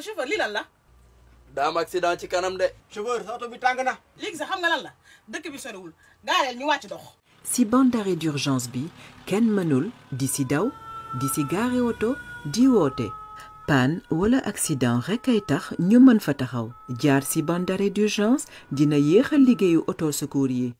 chauffeur lii ci kanam oto bi tàng na. léegi la dëkk bi soriwul gaareel ñu wàcc dox. si bande d'arrêt d'urgence bi kenn mënul di si daw di si gaari oto di woote. panne wala accident rek ay tax ñu mën fa taxaw jaar si bande d'arrêt d'urgence dina yéex a liggéeyu oto secours yi.